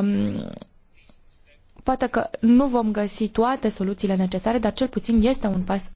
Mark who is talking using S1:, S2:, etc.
S1: Um, poate că nu vom găsi toate soluțiile necesare, dar cel puțin este un pas